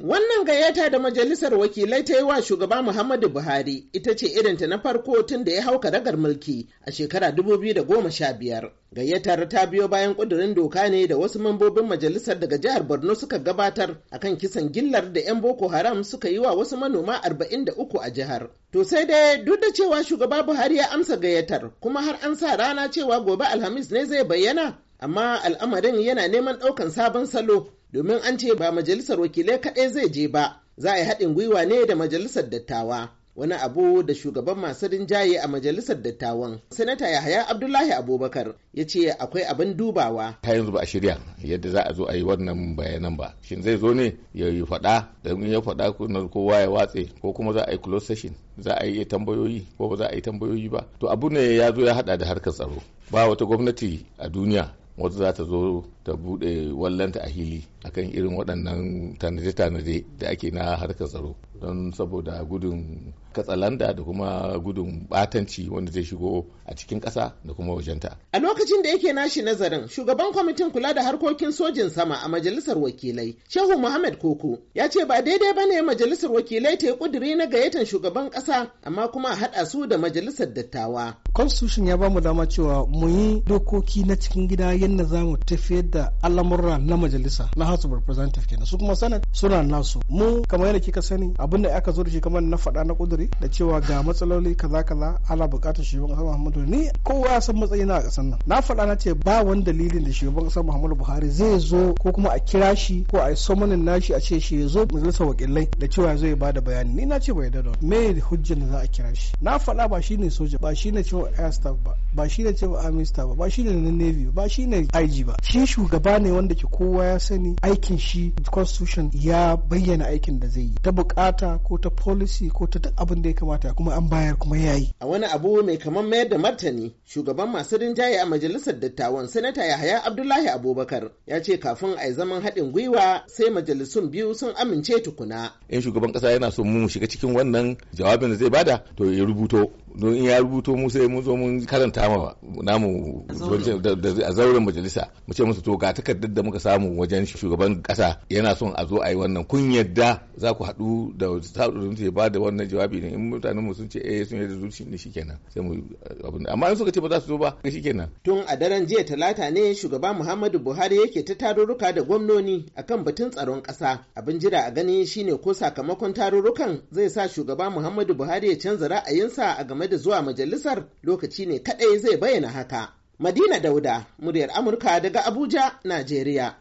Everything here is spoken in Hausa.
Wannan gayyata da majalisar wakilai ta yi wa shugaba Muhammadu Buhari ita ce irinta na farko tun da ya hau karagar mulki a shekara 2015. Gayyatar ta biyo bayan ƙudurin doka ne da wasu mambobin majalisar daga jihar Borno suka gabatar akan kisan gillar da 'yan Boko Haram suka yi wa wasu manoma 43 a jihar. To sai dai duk da cewa shugaba Buhari ya amsa gayyatar kuma har an sa rana cewa gobe Alhamis ne zai bayyana amma al'amarin yana neman ɗaukan sabon salo domin an ce ba majalisar wakilai kaɗai zai je ba za a yi haɗin gwiwa ne da majalisar dattawa wani abu da shugaban masu rinjaye a majalisar dattawan sanata yahaya abdullahi abubakar ya ce akwai abin dubawa ta yanzu ba a shirya yadda za a zo a yi wannan bayanan ba shin zai zo ne ya yi faɗa da ya faɗa kowa ya watse ko kuma za a yi close session za a yi tambayoyi ko ba za a yi tambayoyi ba to abu ne ya zo ya haɗa da harkar tsaro ba wata gwamnati a duniya what does that to do ta bude wallanta a hili akan irin waɗannan tanade-tanade da ake na harkar tsaro don saboda gudun katsalanda da kuma gudun batanci wanda zai shigo a cikin ƙasa da kuma wajenta. A lokacin da yake nashi nazarin shugaban kwamitin kula da harkokin sojin sama a majalisar wakilai Shehu Muhammad Koko ya ce ba daidai ba ne majalisar wakilai ta yi ƙuduri na gayyatan shugaban ƙasa amma kuma a haɗa su da majalisar dattawa. Constitution ya ba mu dama cewa mu yi dokoki na cikin gida yadda za mu tafiyar da da al'amurra na majalisa na House of Representatives kenan su kuma Senate suna nasu mu kamar yadda kika sani abin da aka zo da shi kamar na faɗa na kuduri da cewa ga matsaloli kaza kaza ana buƙatar shugaban ƙasar Muhammadu ni kowa ya san matsayi na a ƙasar nan na faɗa na ce ba wani dalilin da shugaban ƙasar Muhammadu Buhari zai zo ko kuma a kira shi ko a yi somanin nashi a ce shi ya zo majalisar wakilai da cewa zai ba da bayani ni na ce bai da me hujjan da za a kira shi na faɗa ba shi ne soja ba shi ne cewa air staff ba ba ne cewa army staff ba ba ne na navy ba ne IG ba shi shugaba ne wanda ke kowa ya sani aikin shi constitution ya bayyana aikin da zai yi ta bukata ko ta policy ko ta duk abin da ya kamata kuma an bayar kuma ya yi a wani abu mai kamar mayar da martani shugaban masu rinjaye a majalisar dattawan sanata yahaya abdullahi abubakar ya ce kafin a yi zaman haɗin gwiwa sai majalisun biyu sun amince tukuna in shugaban kasa yana so mu shiga cikin wannan jawabin da zai bada to ya rubuto don in ya rubuto mu sai mun zo mun karanta ma namu a zauren majalisa mu ce musu to ga takardar da muka samu wajen shugaban kasa yana son a zo a yi wannan kun yadda za ku haɗu da da ya ba da wannan jawabi ne in mutanen mu sun ce eh sun yadda zuci ne shikenan sai mu abin amma in suka ce ba za su zo ba shikenan tun a daren jiya talata ne shugaba Muhammadu Buhari yake ta tarurruka da gwamnoni akan batun tsaron kasa abin jira a gani shine ko sakamakon tarurrukan zai sa shugaba Muhammadu Buhari ya canza ra'ayinsa a game da zuwa majalisar lokaci ne kadai zai bayyana haka. Madina Dauda, muryar Amurka daga Abuja, Najeriya.